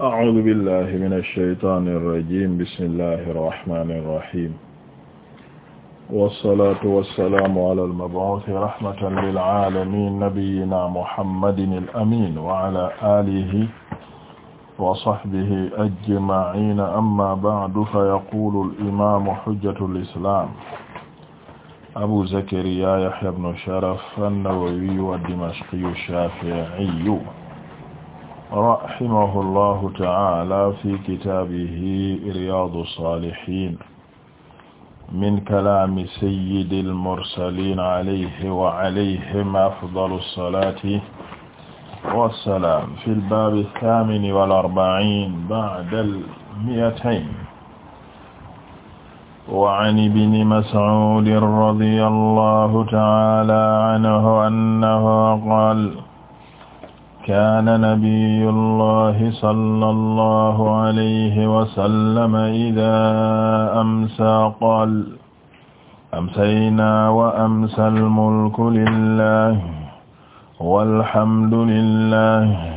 أعوذ بالله من الشيطان الرجيم بسم الله الرحمن الرحيم والصلاة والسلام على المبعوث رحمة للعالمين نبينا محمد الأمين وعلى آله وصحبه أجمعين أما بعد فيقول الإمام حجة الإسلام أبو زكريا يحيى بن شرف النووي الدمشقي الشافعي rahimahu llahu ta'ala fi kitaabihi riyaadu saalihiin min kalaami sayyidil mursaliin alayhi wa alayhim afdalu salaati wa salaam fil baabi saamini wal arba'iin ba'dal mi'atayn wa an ibni mas'uudin radiyallahu ta'ala anhu annahu qaala kaana nabiyu llahi sala allahu alayhi wasallama idaa amsaa qaal amsaynaa wa amsa almulku lillahi walhamdu lillahi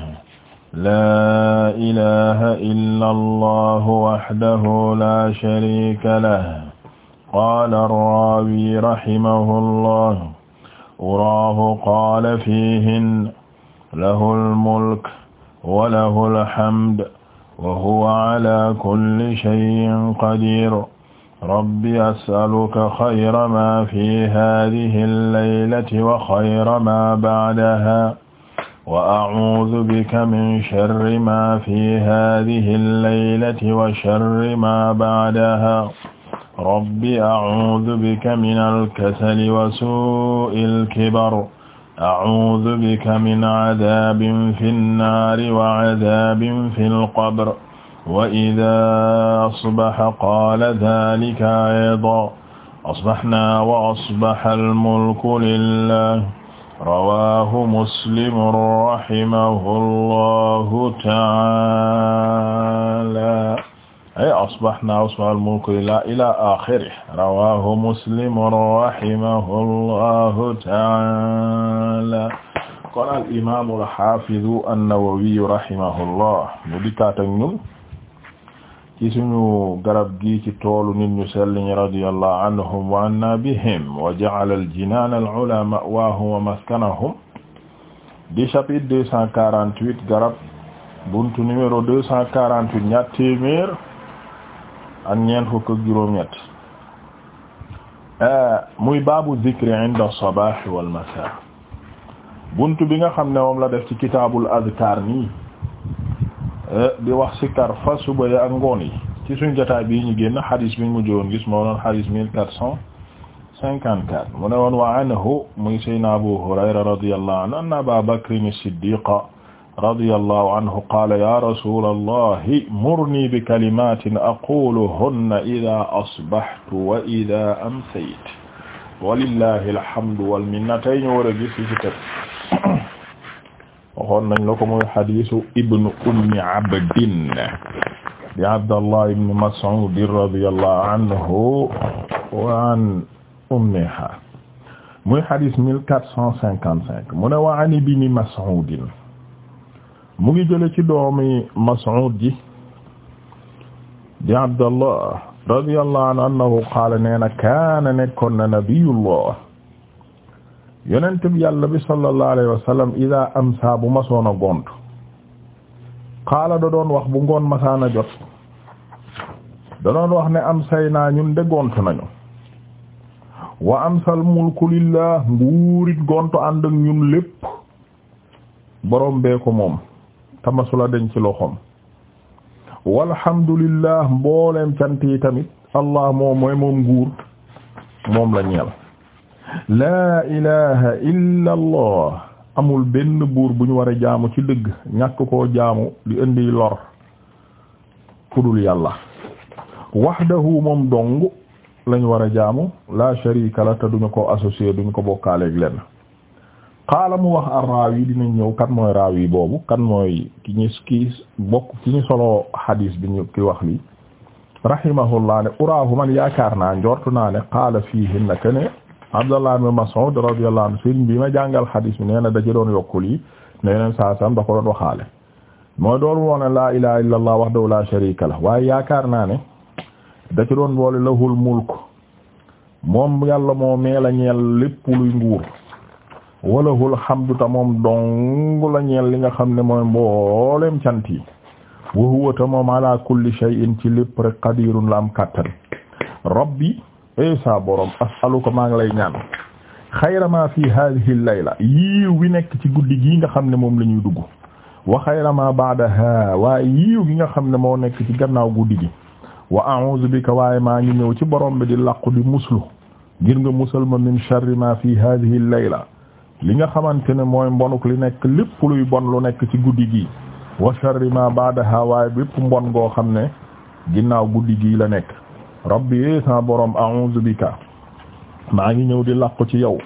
laa ilaha illa allahu wahdahu laa shariika lahu qaala arraawi rahimahu llah uraahu qaala fiihin lahul mulk wa lahul hamd wa huwa ala kulli shay'in qadir rabbi as'aluka khayra ma fi hadhihi al-laylati wa khayra ma ba'daha wa a'uudu bika min sharri ma fi haadihi al-laylati wa sharri ma ba'daha rabbi a'uudu bika min al-kasali wa suu'il kibar acuudu bika min cadaabin fi nnaari wa cadaabin fi lqabr wa idaa asbaxa qaala daalika aydan asbaxnaa wa asbaxa almulku lillaah rawaahu muslimun rahimahu llaahu tacaala ay asbahna asbaha al-mulku lillahi ila akhirih rawahu muslim rahimahullahu ta'ala kon al imam al hafiz an-nawawi rahimahullah mu dikkaat ak ñun ci suñu garab gi ci toolu nit ñu sell ñi radiyallahu anhum wa anna bihim wa ja'ala al-jinan al-ula ma'wahum wa maskanahum di chapitre 248 garab buntu numéro 248 ñaar téeméer ak ñeent fukk ak juróom-ñett ah, muy baabu zikri inda sabah wal masa bunt bi nga xam ne moom la def ci kitaabul azkar nii eh, di wax sikkar fa suba ya ak ngoon yi ci suñ jotaay bii ñu génn xadis bi ñu mujj woon gis moo doon xadis mille quatre cent cinquante-quatre mu ne woon wa anhu muy sayna Abu Hurayra radiyallahu anhu anna Aba Bakrin as-Siddiqa radiyallahu anhu qaala ya rasulallahi murni bi kalimatin aquluhunna ida asbahtu wa ida amsaytu walillahi alhamdu wal minna tey ñu war a gis ci teg waxoon nañ la ko muy hadiisu ibnu ummi abdin di abdallah ibni mas'ud radiyallahu anhu wa an ummiha muy hadiis mille quatre cent cinquante cinq mu ne wa an ibni mas'ud mu ngi jële ci doomi Mas'ud ji di Abdallah radiyallahu anhu annahu qaala nee na kaana nekkoon na nabiyullah yonent yàlla bi sallallahu alayhi wa sallam ida bu masoon a gont qaala da doon wax bu ngoon masaana jot da doon wax ne amsay naa ñun de gont nañu wa amsal mulku lillah nguurit gont ànd ak ñun lépp borom bee ko moom tamasula deñ ci loxoom walhamdulillah mboolem cant yi tamit allah moom mooy moom nguur moom la ñeel laa ilaha illa amul benn buur bu ñu war a jaamu ci dëgg ñàkk ko jaamu di indi lor kudul yàlla wahdahu moom dong lañu war a jaamu la sharika la te duñu ko associé duñu ko bokkaaleeg lenn qaala mu wax ar raawi dinañ ñëw kan raawi boobu kan mooy ki ñu bokk ki ñu solo xadiis bi ñu ki wax li rahimahullah ne uraahu man yaakaar naa njortu naa ne qaala fiihinna ke ne Abdallah ibn Mas'ud radiyallahu anhu sëriñ bi ma jàngal xadiis bi nee na da ci doon yokkul yi ne yeneen saa sam da ko doon waxaale mooy doon woo ne ilaha illa allah wahdahu la sharika lah waaye yaakaar naa ne da ci doon boole lahul mulk moom yàlla moo meela ñeel lépp luy nguur walahul hamdu ta moom dong la li nga xam ne mooy mboolem cant yi wa huwa ta moom ala kulli ci lépp rek qadirun la am kattan rabbi e sa borom as'aluka maa ngi lay ñaan xayra ma fi hadhihi layla yiiw wi nekk ci guddi gii nga xam ne moom la ñuy dugg wa xayra ma ba'daha waaye yiiw gi nga xam ne moo nekk ci gannaaw guddi gi wa a'udhu bika waaye maa ngi ñëw ci borom bi di laqu di muslu ngir nga musal ma min sharri ma fi hadhihi layla li nga xamante ne mooy mbonuk li nekk lépp luy bon lu nekk ci guddi gi wa sharri ma bépp mbon goo xam ne ginnaaw guddi gii la nekk rabbi boroom borom a'udhu bika maa ngi ñëw di làqu ci yow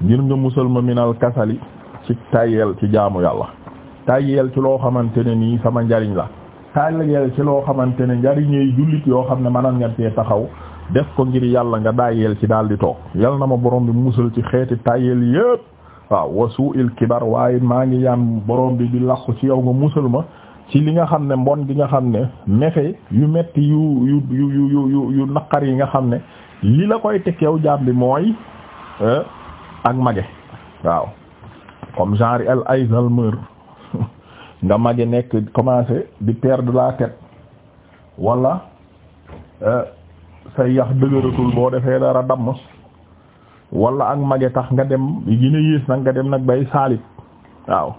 ngir nga musal ma minal kasali ci tayyeel ci jaamu yàlla tayyeel ci loo xamante ne nii sama njariñ la tayyeel ci loo xamante ne njariñey jullit yoo xam ne mënal nga cee taxaw def ko ngir yàlla nga daayeel ci daal di toog yal na ma borom bi musal ci xeeti tayyeel yépp waaw wa su'il kibar waaye maa ngi yaan borom bi di làqu ci yow nga musal ma ci li nga xam ne mbon gi nga xam ne mefe yu metti yu yu yu yu yu yu naqar yi nga xam ne li la koy teg yow jaam bi mooy eh, ak mage waaw comme genre al Alzheimer nga mage nekk commencé di perdre la tête wala eh, say yax dëgëratul boo defee dara damm wala ak mage tax nga dem gën a yées nag nga dem nag bay saalit waaw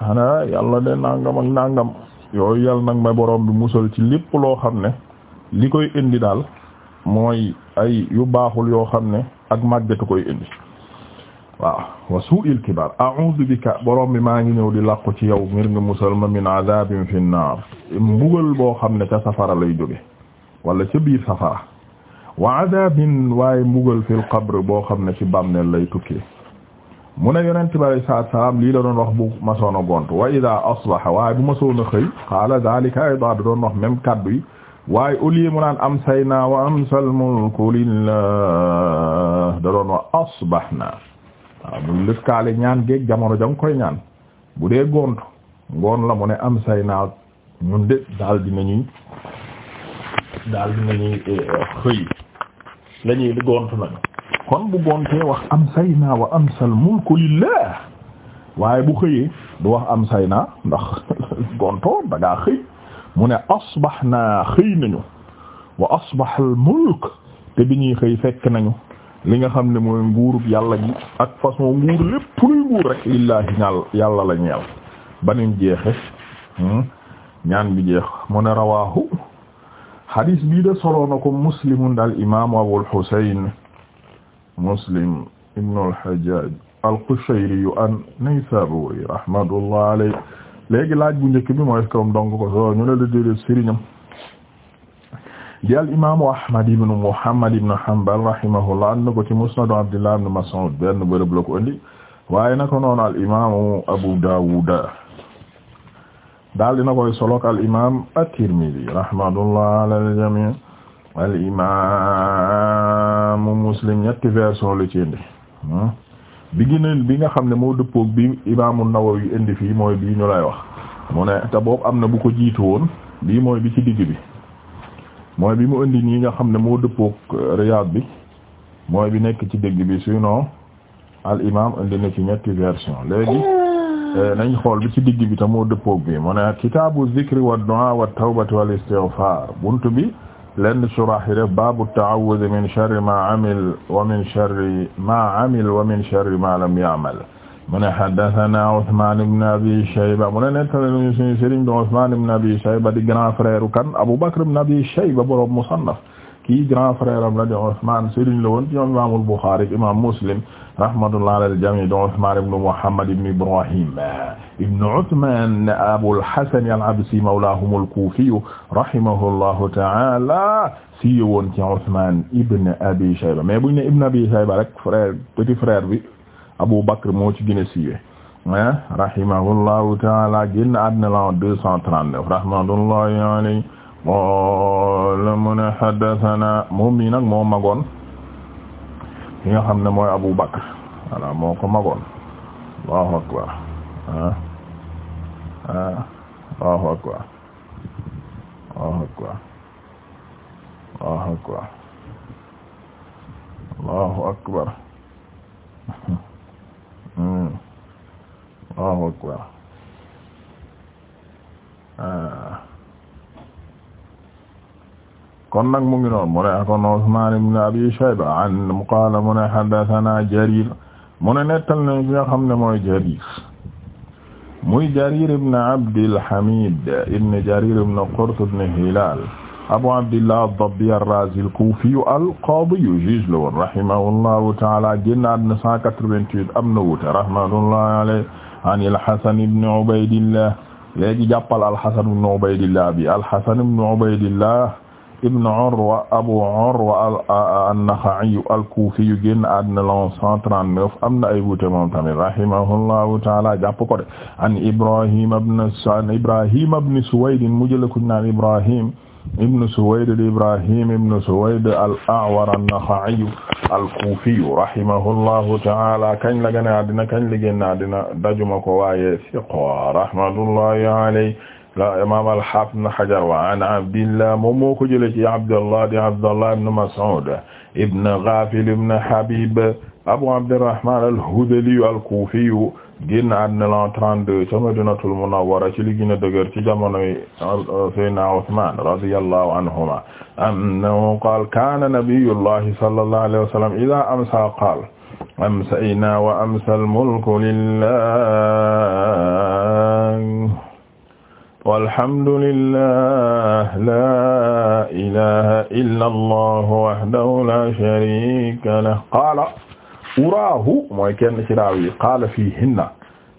xanaa yàlla de nàngam ak nangam yooyu yàlla nag ma borom bi musal ci lépp loo xam ne li koy indi daal mooy ay yu baaxul yoo xam ne ak màggatu koy indi waaw wa su'il kibar a'udhu bika borom bi maa ngi ñëw di làqu ci yow ngir nga musal ma min adabin fi mbugal boo xam ne ca safara lay jóge wala ca biir safara wa adabin waaye mbugal fil qabr boo xam ne ci bàmmeel lay tukkee mu ne yonent bi alayhi salaatu salaam lii la doon wax bu masoon a gont wa ida asbaha waaye bu masoon a xëy qaala zalika ayda da doon wax même kaddu yi waaye au lieu mu naan amsaynaa wa amsal mulku lillah da doon wax asbahna waaw muy lëkkaale ñaan géeg jamono jang koy ñaan bu dee gont ngoon la mu ne am ñun de daal dinañuy daal dinañuy eh, xëy la ñuy gont nag kon bu gontee wax am say naa wa amsal mulku lillah waaye bu xëyee du wax am say naa ndax gontoo da xëy mu ne asbax naa xëy nañu wa asbax al te bi ñuy xëy fekk nañu li nga xam ne mooy nguurub yàlla gi ak façon nguur lépp luy nguur rek lillaahi ñaal yàlla la ñeel banim jeexe hmm? ñaan bi jeex mu ne rawaahu hadis bii de solo na ko muslimun daal imaamu Abul Husayn Muslim ibn al-Hajjaj al-Qushayri an-Naysaburi rahmatullah alayhi léegi laaj bu njëkk bi mooy est-ce que moom dong ko solo ñu ne la déedéet sëriñam di al imaamu Ahmad ibn Muhammad ibn Hanbal rahimahullah and na ko ci Musnad Abdullah ibn Mas'ud benn bërëb la ko indi waaye naka noonu al imaamu Abu Dawud daal dina koy solok al imaam at-Tirmidhi rahmatullah ala al-jami' al imaamu Muslim ñetti version la ci indi bi gëna bi nga xam ne moo dëppoog bi imaamu Nawawi indi fii mooy bii ñu lay wax mu ne te boobu am na bu ko jiitu woon bii mooy bi ci digg bi mooy bi mu indi nii nga xam ne moo dëppoog euh, Riyad bi mooy bi nekk ci digg bi sinon al imaam indi na ci ñetti version léegi Euh, nañ xool bi ci digg bi tamoo dëppoog bi mu ne kitaabu zikri wa du'a wa tawbati wal istighfar buntu bi lenn surah yi def baabu ta'awuz min sharri ma amil wa min sharri ma amil wa min sharri ma lam ya'mal mu ne haddathana Usman ibn Abi Shayba mu ne nettali nañu suñu sëriñ bi Usman ibn Abi Shayba di grand frère kan Abu Bakr ibn Abi Shayba borom musannaf kii grand frère am la di Usman sëriñ la woon ci ñoom Imaamul Bukhari imam Muslim rahmatullah alal jamii don Usmaan ibn Muhammad ibn Ibrahim ibn Uthman Abul Hasan al-Absi mawlaahum al-Kuufi rahimahullahu ta'ala si woon ci Usmaan ibn Abi Shayba mais buñ ne ibn Abi Shayba rek frère petit frère bi Abu Bakr moo ci gën a siiwee ah rahimahullahu ta'ala génn àddina la 239 rahmatullahi alayhi qaala mu ne haddathana moom mi nag moo magoon ki nga xam ne mooy Abu Bakr voilà moo ko magoon Allahu akbar ah ah Allahu akbar Allahu akbar Allahu akbar Allahu akbar hmm. Allahu akbar ah kon nag mu ngi noon mu ne akon Usmaan ibn Abi Shayba an qaala mu ne haddathana Jarir mu ne nettal nañ ki nga xam ne mooy Jarir muy Jarir ibn Abdil Hamid ibn Jarir ibn Qurt ibn Hilal Abu Abdillah ad-Dabbi ar-Razi al-Kufi al-Qadi juge la woon rahimahullahu ta'ala génnaat na 188 am na wuute rahmatullahi alayhi an al-Hasan ibn Ubaydillah léegi jàppal al-Hasan ibn Ubaydillah bi al-Hasan ibn Ubaydillah ibn Urwa Abu Urwa an-Naxa'i al-Kufi yu génn àddina la 139 am na ay wuute moom tamit rahimahullahu ta'ala jàpp ko de an Ibrahim ibn an Ibrahim ibn Suwayd mu jël ko naan Ibrahim ibn Suwayd Ibrahim ibn Suwayd al-A'war an-Naxa'i al-Kufi rahimahullahu ta'ala kañ la génn àddina kañ la génn àddina dajuma ko waaye siqa rahmatullahi alayhi la imam al-Hafiz ibn Hajar wa an Abdillah moom moo ko jëlee ci Abdallah di Abdallah ibn Mas'ud ibn Ghafil ibn Habib Abu Abdirrahman al-Hudhali al-Kufi génn àddina la 32 ca Madinatul Munawwara ci li gën a dëgër ci jamonoy Sayyidina Usman radiyallahu anhuma annahu qaala kaana nabiyullahi sallallahu alayhi wa sallam idha amsa qaala amsaynaa wa amsa al-mulku lillah walhamdulillah laa ilaha illa allah wahdahu la sharika lah qaala uraahu mooy kenn ci raaw yi qaala fiihinna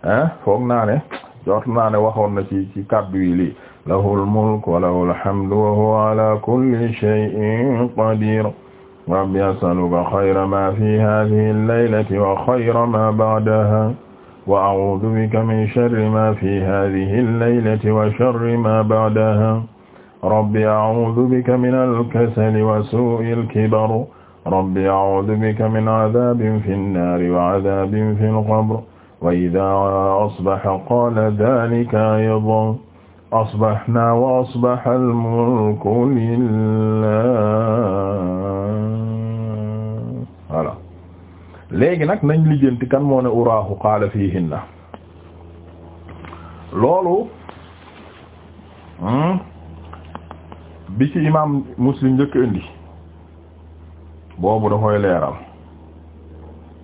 ah foog naa ne jot naa ne waxoon na ci ci kàddu yi lii lahul mulk wa lahul hamdu wa huwa ala kulli shay'in qadir rabbi as'aluka xayra ma fi hadhihi al-laylati wa xayra ma ba'daha wa a'uudu bika min sharri maa fi haadihi al-laylati wa sharri maa ba'dahaa rabbi a'uudu bika min al-kasali wa suu'i al-kibar rabbi a'uudu bika min 'adaabin fi an-naari wa 'adaabin fi al-qabr wa idhaa asbaha qaala dhaalika aydan asbahnaa wa asbaha al-mulku lillaah léegi nag nañ lijjanti kan moo ne uraahu qaala fiihinna loolu hmm, bi ci imaam muslim njëkk indi boobu da koy leeral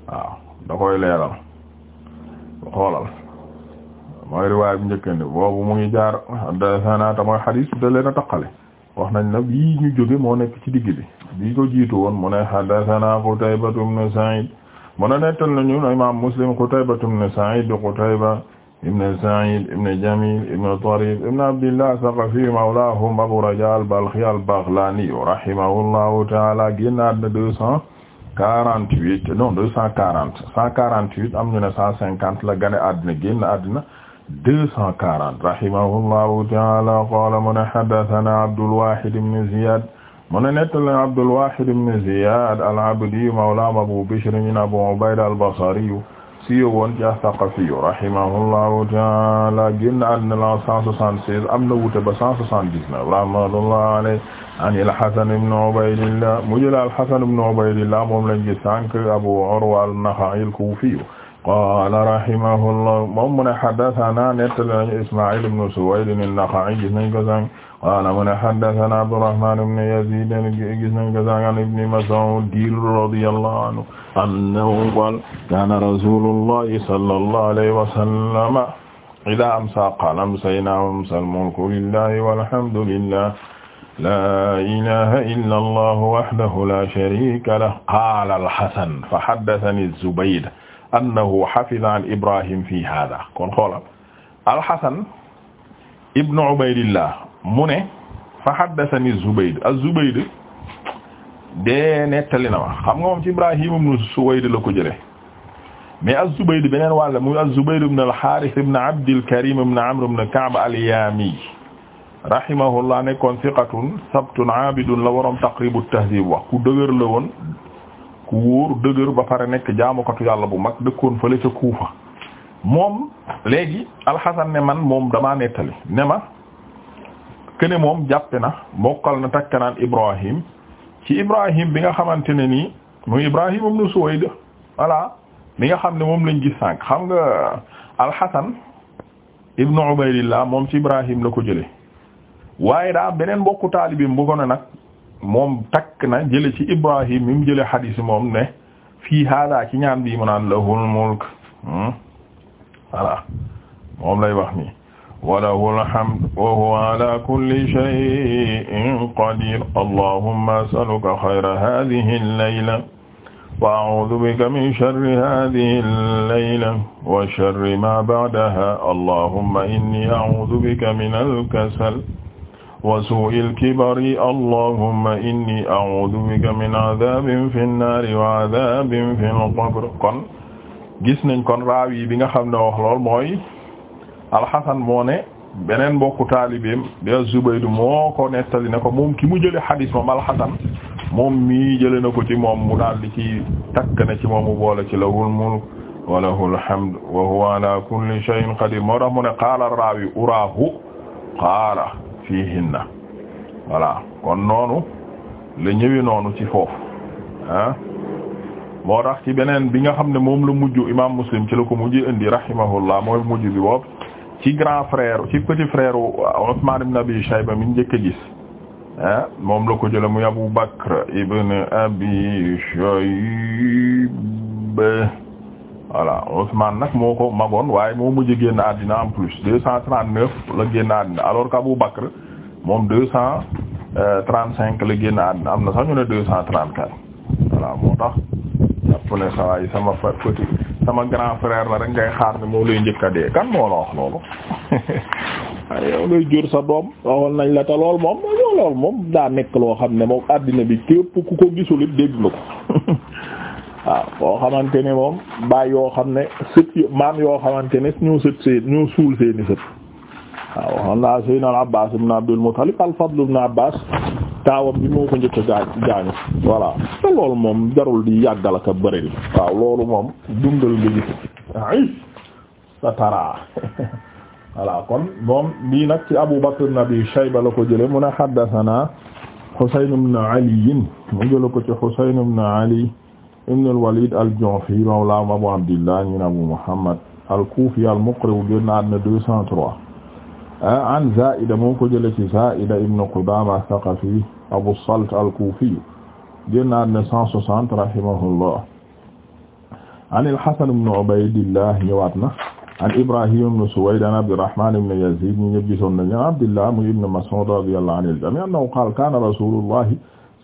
waaw da koy leeral xoolal mooy riwaay bi njëkk indi boobu mu ngi jaar haddathana ta mooy xadiis da leen a taqale wax nañ la bii ñu jóge moo nekk ci digg bi bii ko jiitu woon mu ne haddathana Qutaybatu ibn Sa'id mu ne nettal nañu imam Muslim Qutayba ibn Sa'id Qutayba ibn Sa'id ibn Jamil ibn Tarif ibn Abdillah Saqafi mawlahum Abu Raja al-Balkhi al-Baghlani rahimahullahu ta'ala génnaat na deux cent quarante-huit non deux cent quarante cent quarante-huit am ñu ne cent cinquante la gane àddina génn àddina deux cent quarante rahimahullahu ta'ala qala mu ne haddathana Abdul Wahid ibn Ziyad mu ne nettali Abdul Wahid ibn Ziyad al-Abdi mawlaam Abu Bishr min Abu Ubayda al-Basri siiw woon ci Saqafi rahimahullahu ta'ala génn àddina la 176 am na wuute ba 179 rahmatullahi alayhi an al-Hasan ibn Ubaydillah mu jël al-Hasan ibn Ubaydillah moom lañ gis sànq Abu Urwa an-Nakha'i al-Kufi qaala rahimahullah moom mu ne haddathana nettali nañu Isma'il ibn Suwayd an-Nakha'i gis nañ ko sànq qaala mu ne haddathana Abdurrahman ibn Yazid gis nañ ko sànq an Ibn Mas'ud radiyallahu anhu annahu qaala kaana rasuulullahi sallallahu alayhi wa sallam idhaa amsaa qaala amsaynaa wa amsal mulku lillahi walhamdulillah laa ilaaha illa allahu wahdahu laa shariika lahu qaala al-Hasan fa haddathani az-Zubayd annahu hafiza an Ibrahim fi hada kon xoolal al-Hasan ibn Ubaydillah mu ne fa haddathani Zubayd az-Zubayd de nettali na ma xam nga moom ci Ibrahim ibn Suwayd la ko jëlee mais az-Zubayd beneen wàll muy az-Zubayd ibn al-Harith ibn Abd al-Karim ibn Amr ibn Ka'b al-Yami rahimahullah nekkoon thiqatun sabtun abidun la waroon Taqrib at-Tahdhib wax ku dëgër la woon ku dëgër ba pare nekk jaamukatu yàlla bu mag dëkkoon fële ca Kuufa moom léegi alxasan ne man moom damaa nettali ne ma kene moom jàppe na mbokkal na takkanaan Ibrahim ci Ibrahim bi nga xamante ne nii muy Ibrahim ibn Suwayd voilà mi nga xam ne moom lañ gis sànq xam nga alxasan ibnu Ubaydillah moom ci Ibrahim la ko jële waaye daa beneen mbokku taalibeem bu ne nag moom takk na jële ci Ibrahim mi mu jële xadiis moom ne fii hada ci ñaan bi mu naan lahul mulk hmm? voilà moom lay wax nii wa lahul hamd wa huwa ala kulli shay'in qadir allahumma as'aluka khayra hadhihi al-layla wa a'udhu bika min sharri hadhihi al-layla wa sharri ma ba'daha allahumma inni a'udhu bika min al-kasal wa su'il kibari allahumma inni a'udhu bika min adhabin fi an-nari wa adhabin fi al-qabr kon gis nañ kon raawi bi nga xam ne wax lool mooy alxasan moo ne beneen mbokku taalibeem bi Zubaydu moo ko nettali ne ko moom ki mu jële xadiis moom alxasan moom mii jële na ko ci moom mu daal di ci takk na ci moom mu boole ci lahul mulk wa lahul hamd wa huwa ala kulli shay'in qadir moo tax mu ne qaala raawi uraahu qaala fiihinna voilà kon noonu la ñëwee noonu ci foofu ah moo tax ci beneen bi nga xam ne moom la mujj imam muslim ci la ko mujj indi rahimahullah mooy mujj bi boobu ci grand frère ci petit frère euh, Usman ibn Abi Shayba min njëkk a gis ah moom la ko jële muy Abu Bakr ibn Abi Shayba voilà Ousmane nag moo ko magoon waaye moo mujj génn àddina en plus deux la génn àddina alors qu'Abou Bakr moom deux cent trente cinq la génn àddina am na sax ñu ne deux cent trente moo tax jàpp ne sa waay sama petit sama grand frère la rek ngay xaar ne moo lay njëkk dee kan moo la wax loolu waaye yow lay jur sa doom waxoon nañ la te lool moom lool moom daa nekk loo xam ne moom àddina bi képp ku ko gisul it dégg na ko waaw koo xamante ni moom baay yoo xam ne sët maam yoo xamante ni ñoo sët seen ñoo suul seeni sët waaw waxoon naa Seydina al Abbas ibn Abdul Muttalib al Fadl taawam bi moo ko njëkk gaañu voilà te loolu moom jarul di yàggal ak a bëri li waaw loolu moom dundal nga gis ay sa taraa voilà kon moom lii nag ci Abu Bakr ibn Shayba la ko jële mu ne haddathana Husayn ibn Ali mu jële ko ci Husayn ibn Ali ibn al-Walid al-Ju'fi mawlaahum Abu Abdillah ñi Abu Muhammad al-Kufi al-Muqri génn àddina 203 ah, an Zaa'ida moo ko jëlee ci Zaa'ida ibn Qudaama ath-Thaqafi Abu Salt al-Kufi génn àddina 160 rahimahullah an al-Hasan ibn Ubaydillah ñëwaat na an Ibrahim ibn Suwayd an Abdirrahman ibn Yazid ñi ñëpp gisoon nañu Abdillah mu ibn Mas'ud radiyallahu anhu annahu qaala kaana rasuulullahi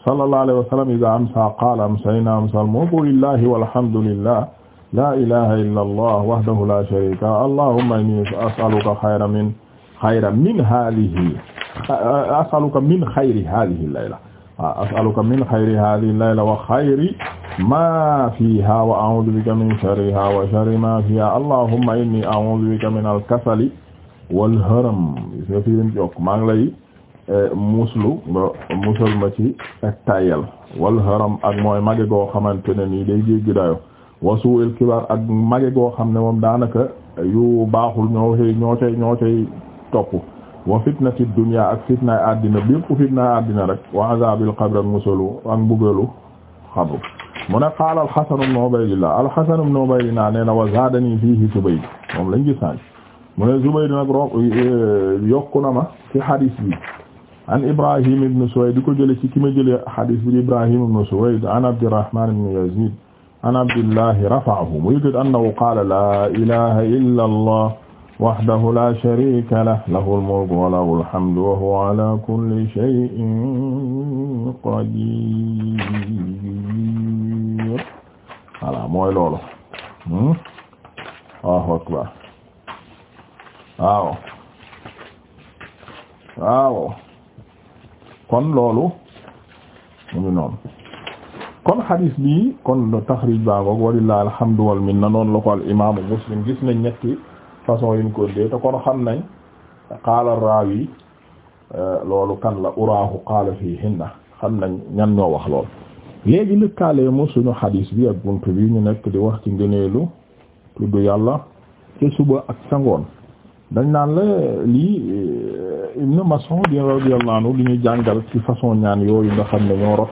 sallallahu alayhi wa sallam iza amsa qaala amsayna amsal mulku lillahi walhamdulillah la ilaha illa allah wahdahu la sharika allahumma inni as'aluka khayra min khayra min hadhihi as'aluka min khayri hadhihi al-layla as'aluka min khayri hadhihi al-layla wa khayri ma fiha wa a'udhu bika min sharriha wa sharri ma fiha allahumma inni a'udhu bika min al-kasali wal haram maa ngi lay muslu ba musal ma ci ak tayel wal haram ak mooy mage goo xamante ne nii day jéggi dayo wasuwel kibar ak mage goo xam ne moom daanaka yu baaxul ñoo xëy ñoo cay ñoo cay topp wa fitnati dunya ak fitnaay addina bépp fitnaay addina rek wa azabil qabr ak musalu ak mbugalu xabru mu ne qaala al-Hasan ibn al-Hasan ibn Ubaydillah nee wa zaadani fiihi Zubayd moom lañ gisaan mu ne Zubayd nag ro yokku na ma ci hadis bi an Ibrahim ibn Suwayd di ko jëlee ci ki ma jëlee hadis bi Ibrahim ibn Suwayd an Abdurrahman ibn Yazid an Abdillahi rafa'ahu mu yëkkati annahu qaala laa ilaaha illa Allah wahdahu laa shariika lahu lahul mulku wa lahul hamdu wa huwa alaa kulli shay'in qadiir voilà mooy loolu hmm? waaw waaw waaw kon loolu mu ngi noonu kon hadis bi kon le taxrij baagoog walillahi alhamdu wal minna noonu la ko al imaamu muslim gis nañ ñetti façon yin ko dee te kon xam nañ qaala raawi euh, loolu kan la uraahu qaala fii hinna xam nañ ñan ñoo wax lool léegi lëkkaale mu suñu hadis bi ak bunt bi ñu nekk di wax ci ngëneelu tudd yàlla te suba ak sangoon dañ naan la lii Ibn Mas'ud radiyallahu anhu li ñuy jàngal ci façon ñaan yooyu nga xam ne ñoo rot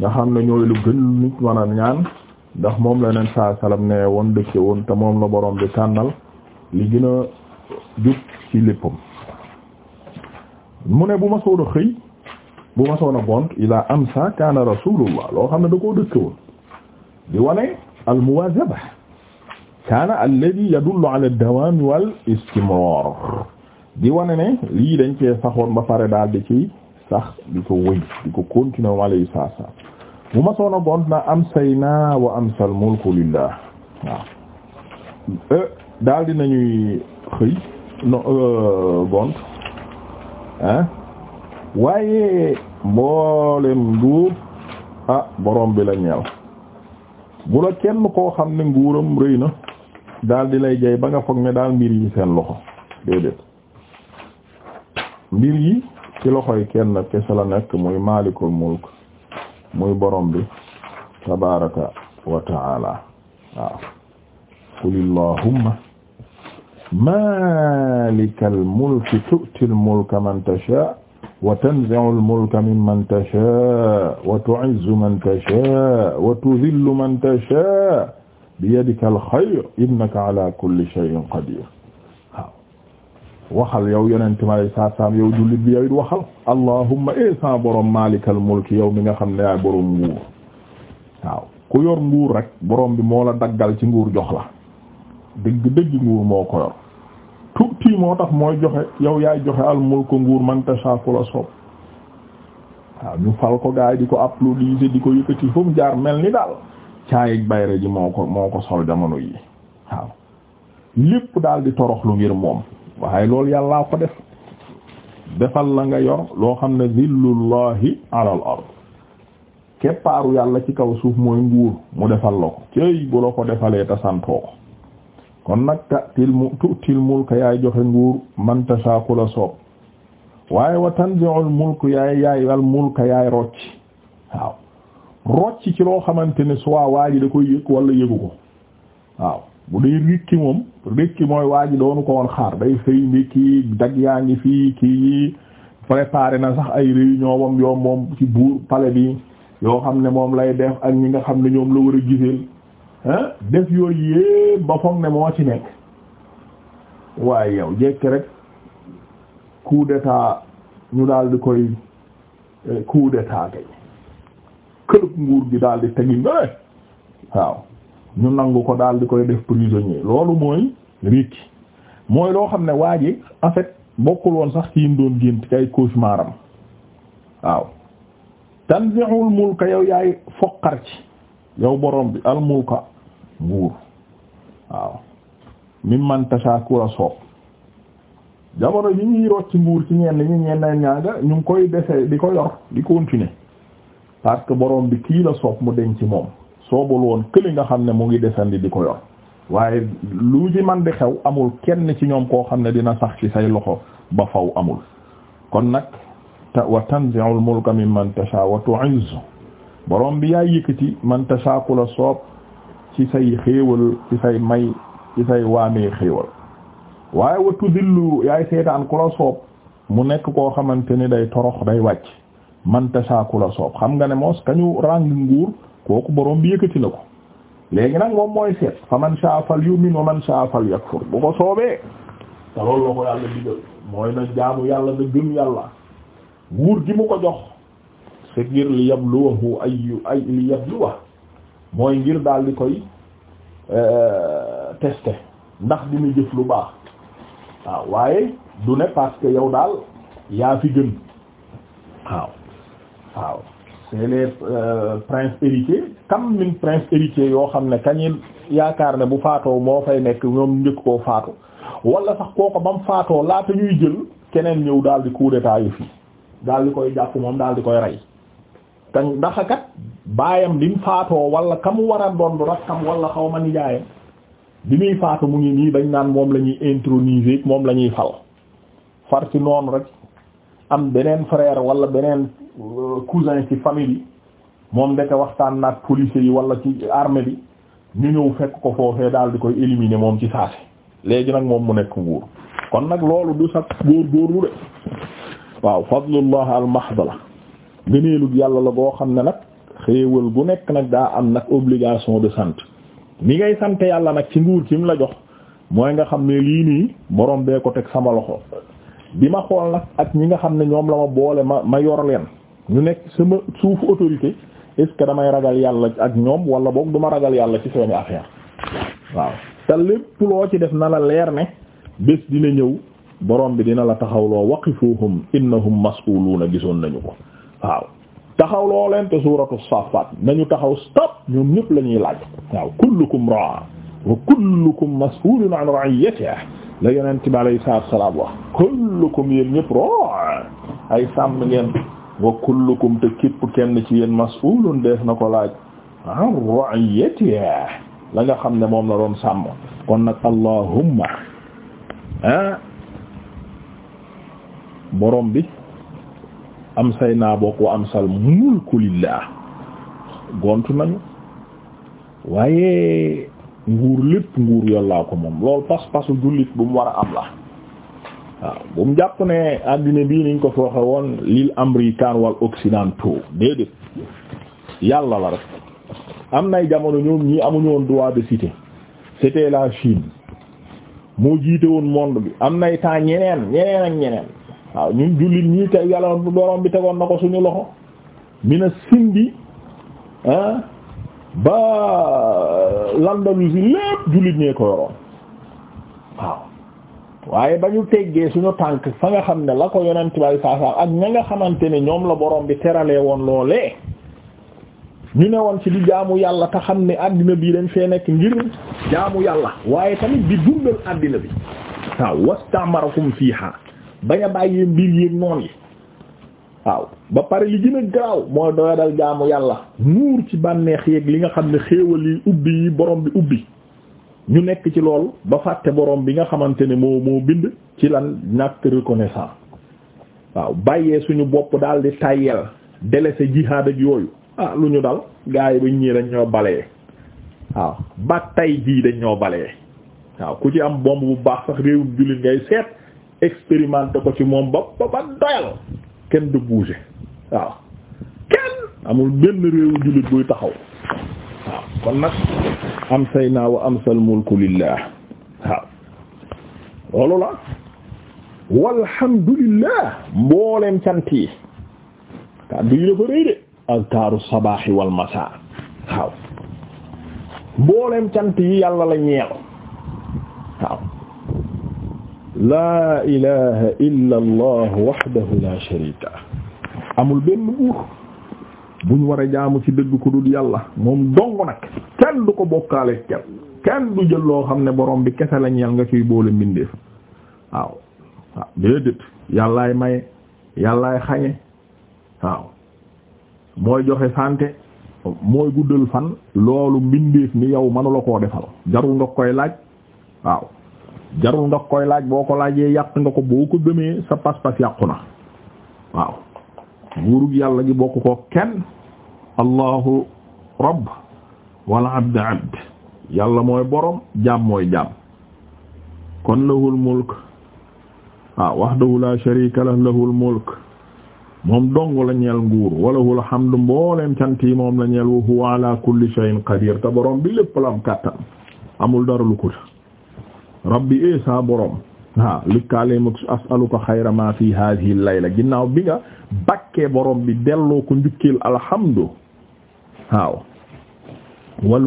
nga xam ne ñooy lu gën nit mën ñaan ndax moom la neen saa salam ne woon dëkke woon te moom la borom bi tànnal li gën a jub ci léppam mu ne bu ma soon xëy bu ma soon a gont ila amsa kaana rasulullah loo xam ne da koo dëkke woon di wane al muwazaba kaana alladhi yadullu ala ad wal istimrar di wane ne lii dañ cee saxoon ba pare daal di ci sax di ko wëy di ko continuer wala yu saa saa bu ma soona gont na am say naa wa am sal mulku lillah waaw euh, daal di nañuy xëy euh, gont ah waaye mboolem nguur ah borom bi la ñeel bu la kenn koo xam ne nguuram rëy na daal di lay jay ba nga foog ne daal mbir yi seen loxo déedéet mbir yi ci loxoy kenn kese la nekk muy maalikul mulk muy borom bi tabaraka wa taala waaw qul allahumma malikal mulki tu'til mulka man tasha wa tanzi'ul mulka mimman tasha wa tu'izzu man tasha wa tudhillu man tasha biyadikal khayr innaka ala kulli shay'in qadir waxal yow yonente mi alay saat salam yow jullit bi yow it waxal allahumma esan eh, borom malikal mulk yow mi nga xam ne yaay borom nguur waaw ku yor nguur rek boroom bi moo la daggal ci nguur jox la dëgg dëgg nguur moo ko yor tuuti moo tax mooy joxe yow yaay joxe al mulk nguur man tasha ku la soob waaw ñu fal ko gaay di ko applaudir di ko yëkkati fu jaar mel ni daal caayig bayre ji moo ko moo ko sol jamono yi waaw lépp daal di toroxlu ngir moom waaye loolu yàllaa ko def defal la nga yor loo xam ne zillullahi ala al ard keppaaru yàlla ci kaw suuf mooy nguur mu defal la ko cëy bu la ko defalee te santoo ko kon nag til mu tu'til mulka yaay joxe nguur man tasha la soob waaye wa tanzi'ul mulk yaay yaay al mulka yaay rocc waaw rocc ci loo xamante ne soit waa ji da koy yëg wala yëgu ko waaw bu dee rikki moom rikki mooy waa ji doonu ko woon xaar day sëy mbi kii dag yaa ngi fii kii yi préparé na sax ay réunion wam yoo moom ci buur pale bi yoo xam ne moom lay def ak ñi nga xam ne ñoom la war a giseel ah def yooyu yépp ba foog ne moo ci nekk waaye yow jekki rek coup d'état ñu daal koy eh, coup d'état kay këlëb nguur gi daal di tegi nga eh, waaw ñu nangu ko daal di koy def prisonnier loolu mooy rikki mooy loo xam ne waa ji en fait bokkul woon sax kii yim doon gént kay cauchemaram waaw tanzi'ul mulka yow yaay foqar ci yow borom bi al mulka nguur waaw mimman man ku la soob jamono yi ñuy rocc ci nguur ci ñenn ñi ñenn ñaanga ñu ngi koy dese di ko yor di continuer parce que borom bi kii la soob mu ci moom soobul woon këli nga xam ne mu ngi desandi di ko yor waaye lu ci man di xew amul kenn ci ñoom koo xam ne dina sax ci say loxo ba faw amul kon nag te wa tanzi'ul mulka mimman tasha wa tu'izzu borom bi yaay yëkkati man tasha ku la soob ci say xéewal ci say may ci say waamee xéewal waaye wa tudillu yaay seetaan ku la soob mu nekk koo xamante ni day torox day wàcc man tasha ku la soob xam nga ne moos kañu ràng nguur kooku borom bi yëkkati na ko léegi nag moom mooy seet fa man saa fal yu'min wa man saa fal yakfur bu ko soobee te loolu la ko yàlla digal mooy na jaamu yàlla na gëm yàlla nguur gi mu ko jox c'est ngir li yabluwahu ayu ay li mooy ngir daal di koy euh, tester ndax dina jëf lu baax waaw waaye du ne parce que yow daal yaa fi gën waaw waaw c'est les euh, princes héritiers kam min prince héritier yoo xam ne kañi yaakaar ne bu faatoo moo fay nekk ñoom njëkk koo faatu wala sax kooko ba mu faatoo laata ñuy jël keneen ñëw daal di coup d'état fii daal di koy jàpp moom daal di koy rey te ndax baayam di mu faatoo wala kamu war a doon rakkam wala xaw ma nijaayam bi muy faatu mu ngi nii dañ naan moom la ñuy introniser moom la ñuy fal far ci noonu rek. am beneen frère wala beneen euh, cousin ci famille bi moom ndeke waxtaan naag policiers yi wala ci armée bi ñu ñëw fekk ko foofee daal di koy éliminer moom ci saasi léegi nag moom mu nekk nguur kon nag loolu du sax góor góorlu de waaw fadlullah al mahd la gëneelug yàlla la boo xam ne nag xéewal gu nekk nag daa am nag obligation de sant ni ngay sant yàlla nag ci nguur ci mu la jox mooy nga xam ne lii nii boroom bee ko teg sama loxo bi ma xool nag ak ñi nga xam ne ñoom la ma boole ma ma yor a leen ñu nekk suma suuf autorité est-ce damay ragal yàlla ak ñoom wala boog du ma ragal yàlla ci seeni affaire waaw te lépp loo ci def na la leer ne bés dina ñëw borom bi dina la taxawloo waqifuhum innahum mas'uluuna gisoon nañu ko waaw taxawloo leen te suuratu safat nañu taxaw stop ñoom ñëpp la ñuy laaj waaw kullukum raa wa kullukum mas'ulun an ra'iyatihi la yonent bi alayhi salaatu wa kullukum yéen ñëpp ra ay sam ngeen wa kullukum te képp kenn ci yéen mas'ulun des na ko laaj an ra'iyatihi la nga xam ne moom la doon sàmm kon nag allahumma ah borom bi am say naa bokk wa am sal lillah gontu nañu waaye nguur lépp nguur yàllaa ko moom loolu pas-pasu jullit bu mu war a am la waaw bu mu jàpp ne àddina bii niñ ko fooxe woon lil américain wal occidentaux déedéet yàlla la rek am nay jamono ñoom ñii amuñu woon droit de cité c'était la Chine moo jiite woon monde bi am nay temps ñeneen ñeneen ak ñeneen waaw ñun jullit ñii tey yàlla borom bi tegoon na ko suñu loxo mina sindi ah ba l'Andalousie lépp jullit ñee ko yoroon waaw waaye ba ñu teggee suñu tànk fa nga xam ne la ko yonent bay saasaam ak ña nga xamante ne ñoom la boroom bi teralee woon loolee ñu ne woon ci di jaamu yàlla te xam ne àddina bi dañ fee nekk ngir jaamu yàlla waaye tamit di dundal àddina bi waaw wastamarakum fiiha bañ a bàyyee mbir yéen noon yi waaw ba pare li gën a garaaw mooy doyadal jaamu yàlla nuur ci bànneex yeeg li nga xam ne xéewal yi ubbi yi borom bi ubbi ñu nekk ci lool ba fàtte borom bi nga xamante ne moo moo bind ci lan ñàkk reconnaissant waaw bàyyee suñu bopp daal di tàyyel délaissé jihaad ak yooyu ah lu ñu dal gars yi bañ ñii dañ ñoo balee waaw ba tay jii dañ ñoo balee waaw ku ci am bomb bu baax sax réewum jullit ngay seet expérimenté ko ci moom ba ba doyal kenn du bouger waaw kenn amul benn réewu jullit buy taxaw waaw kon nag am say naa wa amsal mulku lillah waaw loolu la walhamdulillah mbooleem cant yi kàddu yi dafa rëy de azkaaru sabaaxi wal masaa waaw mbooleem cant yi yàlla la ñeel waaw laa illa allah wahdahu la sharika amul benn buur bu ñu war a jaamu ci dëgg ku dul yàlla moom dong nag kenn du ko bokkaale kenn kenn du jël loo xam ne borom bi kese la ñeel nga ciy boole mbindeef waaw waaw déedéet yàllaay maye yàllaay xañe waaw mooy joxe santé mooy guddal fan loolu mbindeef ni yow manula koo defal jarul nga koy laaj waaw jarul nga koy laaj boo ko laajee yàq nga ko boo ko gëmee sa pas-pas yàqu na waaw nguurug yàlla gi bokk ko kenn allahu rabb wala abd abd yàlla mooy borom jaam mooy jaam kon lahul mulk ah wahdahu la sharika lah lahul mulk moom dong la ñeel nguur walahul hamdu mbooleem cant yi moom la ñeel wa huwa ala kulli shay'in qadir te borom bi lépp la am kàttan amul dara lu rabbi isa eh, borom waaw likkaale mag asaluka xayra ma fi hadhihi layla ginnaaw bi nga bakkee borom bi delloo ko njukkil alhamdu waaw wal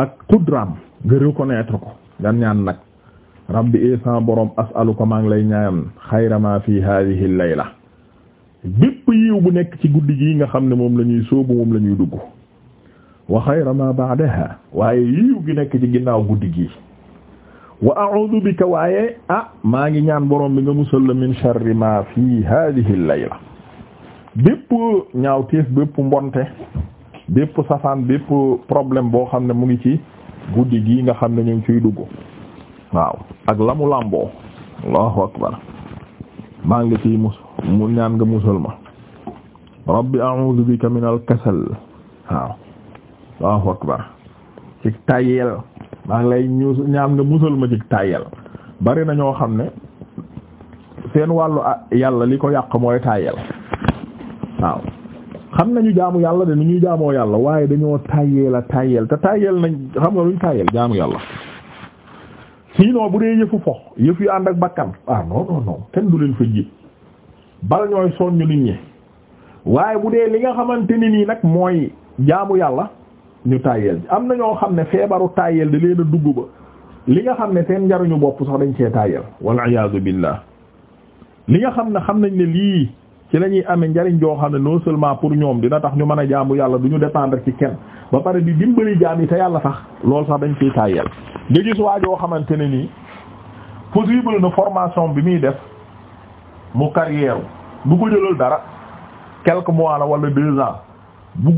ak qudraam nga reconnaître ko nga ñaan nag rabbi esan eh, borom asaluka maa ngi lay ñaan xayra ma fi hadhihi layla bépp yiw bu nekk ci guddi gi nga xam ne moom lañuy ñuy moom la ñuy dugg wa xayra ma ba'daha waaye yiw gi nekk ci ginnaaw guddi gi wa a'udhu bika waaye ah maa ngi ñaan borom bi nga musal la min sharri ma fi hadhihi al-layla bépp ñaawteef bépp mbonte bépp safaan bépp problème boo xam ne mu ngi ci guddi gii nga xam ne ñu ngi ciy dugg waaw ak lamu lambo allahu akbar maa ngi ciy mus mu ñaan nga musal ma rabbi a'udhu bika min al waaw allahu akbar ci tayel maa ngi lay ñu ñaan nga musal ma jig tàyyel bari na ñoo xam ne seen wàllu yàlla li ko yàq mooy tàyyel waaw xam nañu jaamu yàlla de nu ñuy jaamoo yàlla waaye dañoo tàyyeel a tàyyeel te tàyyeel nañ xam nga luñ tàyyeel jaamu yàlla sinon bu dee yëfu fox yëf yu ànd ak bakkan ah non non non kenn du leen fa ji bala ñooy soññu nit ñi waaye bu dee li nga xamante ni nii nag mooy jaamu yàlla ñu tàyyeel am na ñoo xam ne feebaru tàyyeel da leen a dugg ba li nga xam ne seen njariñu bopp sax dañ cee tàyyeel wal iyaadu billah li nga xam ne xam nañ ne lii ci la ñuy amee njariñ joo xam ne non seulement pour ñoom dina tax ñu mën a jaamu yàlla du ñu dépendre ci kenn ba pare di dimbali jaam yi te yàlla sax loolu sax dañ ciy tàyyeel nga gis waa joo xamante ne nii possible na formation bi muy def mu carrière bu ko jëlal dara quelques mois la wala deux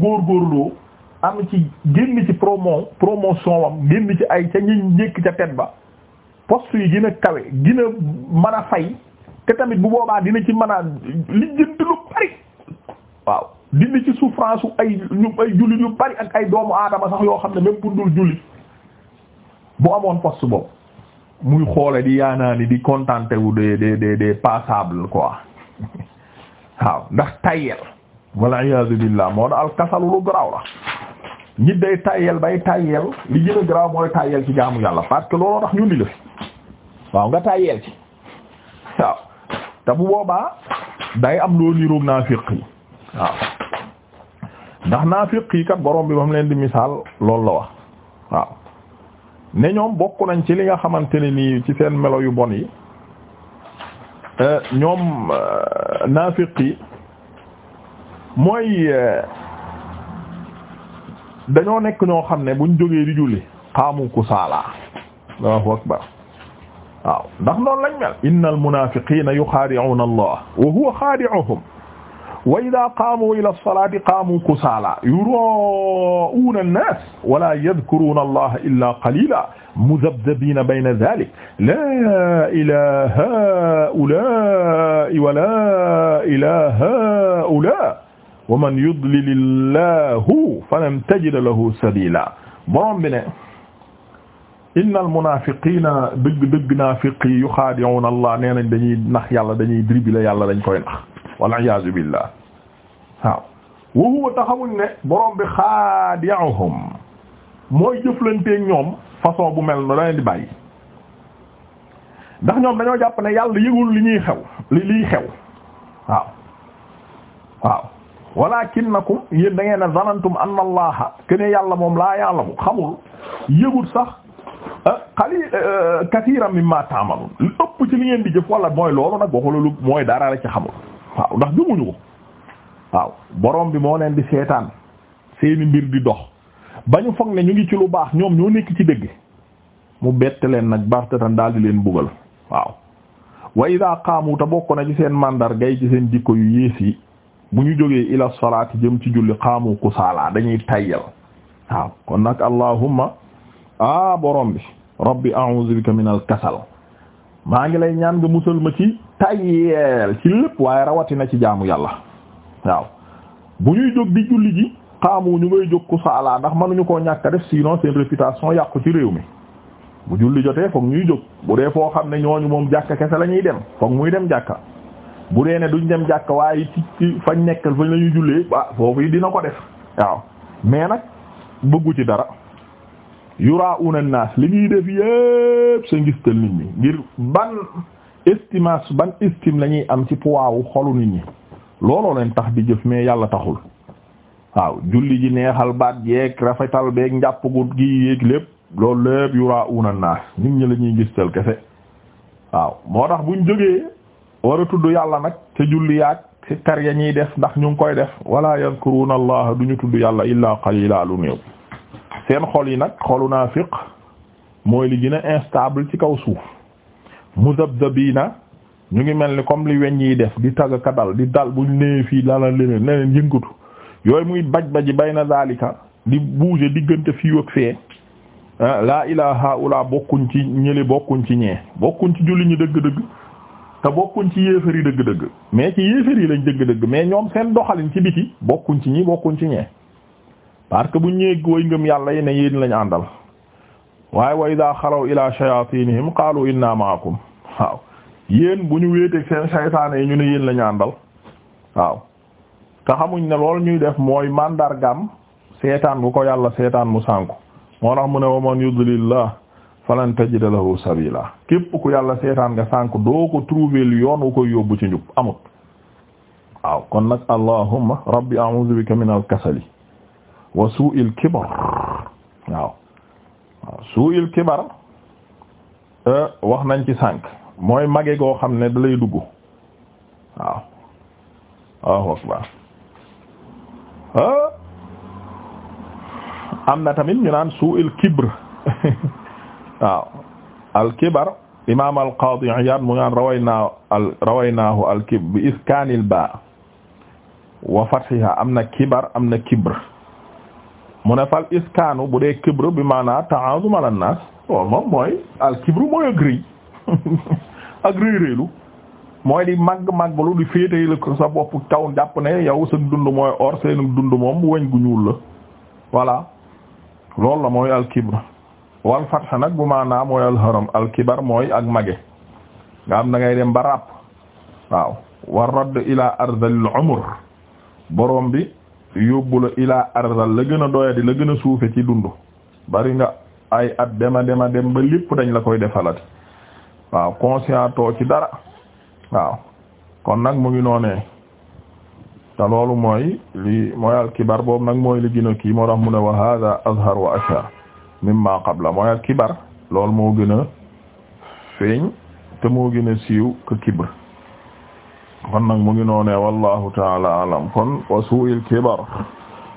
am ci génn ci promo promotion wam génn ci ay ca ñi njëkk ca tet ba poste yi gën a kawe gën a a fay te tamit bu boobaa dina ci mën a li jënd lu bari waaw dina ci souffrance ay ñu ay jullit yu bari ak ay doomu aadama sax yoo xam ne même pour dul jullit bu amoon post boobu muy xoole di yaanaani di contenté wu de de de de passable quoi waaw ndax tayel walla iyaazu billaah moo na alkasalu lu garaaw la nit day tàyyeel bay tàyyeel li gën a garaaw mooy tàyyeel ci jaamu yàlla parce que looloo tax ñu di la waaw nga tàyyeel ci waaw te bu boobaa day am loo niroog naafiq yi waaw ndax naafiq borom bi ba mu leen di misaal loolu la wax waaw ne ñoom bokk nañ ci li nga xamante ne nii ci seen melo yu bon yi euh, ñoom euh, naafiq yi mooy euh, dañoo nekk ñoo xam ne buñ jógee di julli xaamu kusaala Allahu akbar waaw ndax noonu lañ mel innal munaafiqiina yuxaadi'uuna Allah wa huwa xaadi'uhum wa idaa qaamu ila salaati qaamu kusaala yuraa'uuna an-naas wa laa yadkuruuna Allaha illaa qaliilaa mudabdabiina bayna zaalika laa ilaa haa'ulaa'i wa laa ilaa haa'ulaa'i wa man yudlilillahu falan tajida lahu sabila borom bi ne innal munafiqina dëgg dëgg naafiqi yuxaadi'una allah nee nañ dañuy nax yàlla dañuy dribble yàlla dañ koy nax wal iyaazu billah waaw wa huwa taxamuñ ne borom bi xaadi'uhum mooy jëflanteeg ñoom façon bu mel no leen di bàyyi ndax ñoom dañoo jàpp ne li ñuy xew li liy xew walaakinnakum yéen da ngeen a zanantum anna allaha kene yàlla moom laa ya'lamu xamul yëgut sax xali ah, ah, kathiran mimma ta'malun ëpp ci li ngeen di jëf wala mooy loolu nag waxu lu mooy dara la ci xamul waaw ndax gëmuñu ko waaw borom bi moo leen di seetaan seeni mbir di dox ba ñu foog ne ñu ngi ci lu baax ñoom ñoo nekk ci dëgg mu bett leen nag baxtatan daal di leen bugal waaw wa idaa qaamu te bokk na ci seen màndargay ci seen jikko yu yées yi bu ñu jógee ila salaati jëm ci julli xaamu kusaala dañuy tayyal waaw kon nag allahumma a ah, borom bi rabbi a'udhu bika minal kasal maa ngi lay ñaan nga musal ma ci tayyeel ci lépp waaye rawatina ci jaamu yàlla waaw bu ñuy jóg di julli ji xaamu ñu ngay jóg kusaala ndax mënuñu koo ñàkk a def sinon seen réputation yàqu ci réew mi bu julli jotee foog ñuy jóg bu dee foo xam ne ñooñu moom jàkka kese la ñuy dem foog muy dem jàkka bu dee ne duñ dem jàkk waaye ci fañ nekk fañ la ñu jullee waa ah, foofu yi dina ko def waaw mais nag bëggu ci dara yuraa'una an-naas li ñuy def yépp sa ngistal nit ñi ngir ban estimation ban estime la ñuy am ci poids xolu nit ñi looloo leen tax di jëf mais yàlla taxul waaw julli ji neexal baat yeeg rafetal beeg njàpp gu gi yéeg lépp loolu lépp yuraa'una an-naas nit ñi la ñuy ngistal kese waaw moo tax buñ jógee war tudd yàlla nag ca julli yaag kar ya ñuy def ndax ñu ngi koy def wala yadhkuruna allah duñu tudd yàlla illa qalila lu néew seen xol yi nag xolu naafiq mooy li gën a instable ci kaw suuf mu mudabdabina ñu ngi mel ni comme li weñ yi def di tagg ka dal di dal buñ nee fii lala leneen leneen yëngatu yooyu muy baj baji bay na zalika di bouger diggante fii ak fee ah, laa ilaa haula bokkuñ ci ñële bokkuñ ci ñee bokkuñ ci julli ñu dëgg-dëgg te bokkuñ ci yéefar yi dëgg-dëgg mais ci yéefar yi lañ dëgg-dëgg mais ñoom seen doxalin ci biti bokkuñ ci ñi bokkuñ ci ñee parce que buñ ñëwee way ngëm yàlla yi ne yéen lañ àndal waaye wa idaa xalaw ilaa mu qaalu inna ma'akum waaw yéen bu ñu wéeteeg seen saytaane yi ñu ne yéen lañ àndal waaw te xamuñ ne lool ñuy def mooy màndargam seetaan bu ko yàlla seetaan mu sànku moo tax mu ne wa man yudlillah falan tajida lahu sabila képp ku yàlla seetaan nga sànk doo ko trouver yoon wu koy yóbbu ci njub amut waaw kon nag allahumma rabbi a'udhu bika min al wa su'il kibar waaw waaw su'il euh, wax nañ ci sànk mooy mage goo xam ne dalay dugg waaw waaw akbar euh, am na tamit ñu naan su'il kibr waaw alkibar imam alqadi rawaynaahu alkib bi iskaanil baa wa fathiha am na kibar am na kibr mu ne fal iskaanu bu dee kibr bi maana ta'aazum ala naas loolu mooy alkibru mooy ak rëy ak mooy di màgg-màgg lu di féetay la sa bopp taw jàpp ne yow sa dund mooy or seen dund gu ñuul la voilà loolu la mooy alkibr wal fatx nag bu maanaa mooy alxaram alkibar mooy ak mage nga am na ngay dem ba ràpp waaw war radd ila arzalil umur borom bi yóbbu la ila arzal la gën a doyadi la gën a suufe ci dund bari nga ay at dema dema dem ba lépp dañ la koy defalati waaw conscient ci dara waaw kon nag mu ngi noonee te loolu mooy li mooy alkibar boobu nag mooy li gën a kii moo tax mu ne wa hada azhar wa ashar mimma qabla mooy ak kibar loolu moo gën a te moo gën a siiw ko kibr kon nag mu ngi noonee wallahu taala alam kon wa su'il kibar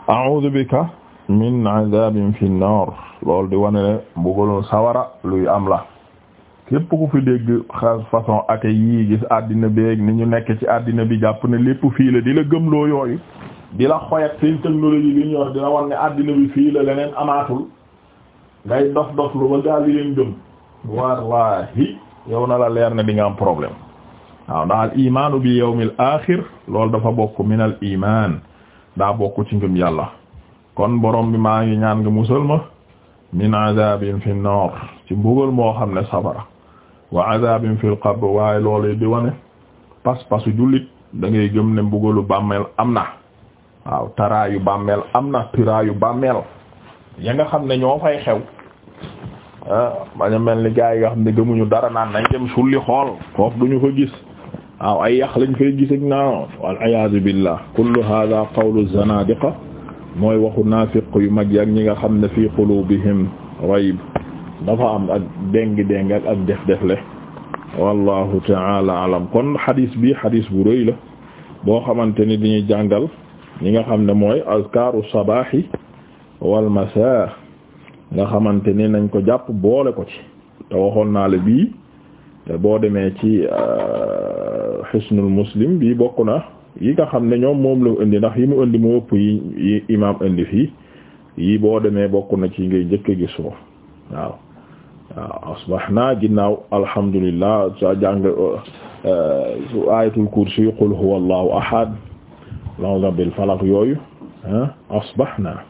a'udhu bika min adabin fi nnar di wane ne mbugalul sawara luy am la képp ku fi dégg xas façon ak yii gis àddina beeg ni ñu nekke ci àddina bi jàpp ne lépp fii la di la gëmloo yooyu di la xoyat seen technologie bi ñor di la wan ne bi fii la leneen amaatul ngay dox dox lu ba gaa li gëm wallahi yow na la leer na di nga am problème waaw ndax al imaanu bi yawmil aaxir loolu dafa bokk min al daa bokk ci ngëm yàlla kon borom bi maa ngi ñaan nga musal ma min azabin fi naar ci mbugal moo xam ne safara wa azabin fil qabr waaye loolu di wane pas-pasu jullit da ngay gëm ne mbugalu bàmmeel am na waaw taraayu bàmmeel am na tiraayu bàmmeel ya nga xam ne ñoo fay xew Ah baña mel ni gaa yi xam ne gëmuñu dara naan nañ dem sulli xool foofu duñu ko gis waaw ay yàq lañ fay gis ak naa wal iyaazu billah kullu hada qawlu zanadiqa mooy waxu naafiq yu mag yi ak ñi nga xam ne fii qulubihim rayb dafa am ak déng-déng ak ak def-defle wallahu taala alam kon xadis bi xadis bu rëy la boo xamante ni dañuy jàngal ñi nga xam ne mooy azkaru sabahi wal masa nga xamante ni nañ ko jàpp boole ko ci te waxoon naa le bii boo demee ci xisnul euh, muslim bii bokk na yi nga xam ne ñoom moom la indi ndax yi mu indi mu ëpp yi yi imaam indi fii yi boo demee bokk na ci ngay njëkk a gis moom waaw waaw asbaxna ginnaaw alhamdulillah sa jàng su euh, euh, ayatul kursi qul huwa allahu ahad la'udhu bil falaq yooyu ah, asbaxna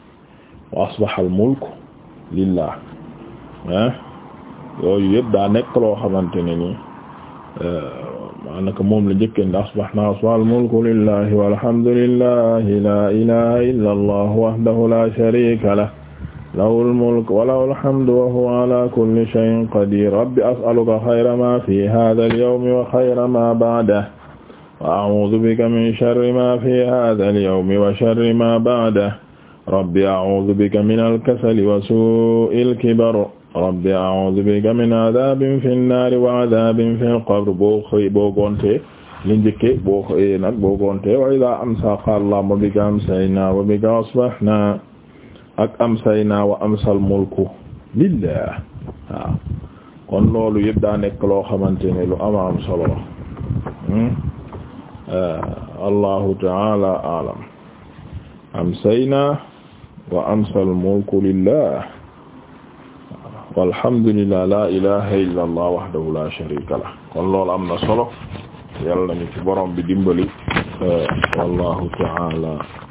wa asbaxal mulk lillah ah yooyu yëpp daa nekk loo xamante ne ni euh, maanaka moom la njëkke ndax subhana asmal mulku lillahi walhamdulillahi la ilaha illa allah wahdahu la sharika lah lahu almulk wa lahu alhamdu wa huwa ala kulli shay'in qadir rabbi as'aluka khayra ma fi hadha alyawmi wa khayra ma ba'dahu wa a'udhu bika min sharri ma fi hadha alyawmi wa sharri ma ba'dahu rabbi a'uudu bika minal kasali wa suu'il kibar rabbi a'uudu bika min adaabin fin naari wa adaabin fil qabri boo xëy boo gontee li njëkke boo xëyee nag boo gontee wa idaa amsaa qaala allaahumma bika amsaynaa wa bika asbahnaa ak amsaynaa wa amsal mulku lillaah waaw kon loolu yëpp daa nekk loo xamante ne lu ama am solo hmm? eh, allahu ta'ala a'lam amsaynaa wa amsal mulku lillah walhamdulillah la ilaha illa allah wahdahu la sharika lah kon loolu am na solo yàlla nañu ci borom bi dimbali wallahu ta'ala